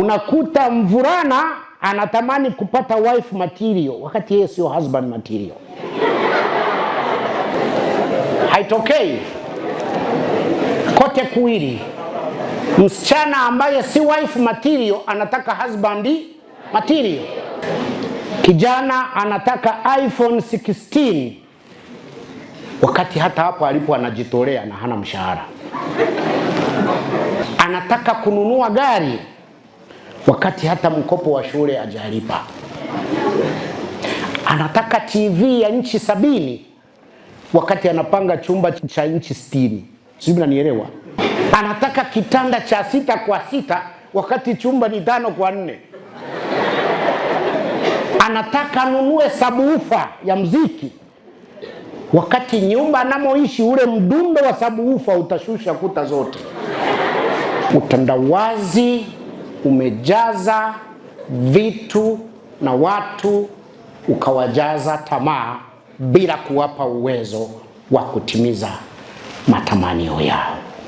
Unakuta mvurana anatamani kupata wife material wakati yeye sio husband material. Haitokei kote kuwili. Msichana ambaye si wife material anataka husband material. Kijana anataka iPhone 16 wakati hata hapo alipo anajitolea na hana mshahara. Anataka kununua gari wakati hata mkopo wa shule hajalipa. Anataka TV ya nchi sabini wakati anapanga chumba cha nchi sitini. Sijui mnanielewa? Anataka kitanda cha sita kwa sita wakati chumba ni tano kwa nne. Anataka anunue sabuufa ya mziki wakati nyumba anamoishi ule mdundo wa sabuufa utashusha kuta zote. Utandawazi umejaza vitu na watu ukawajaza tamaa bila kuwapa uwezo wa kutimiza matamanio yao.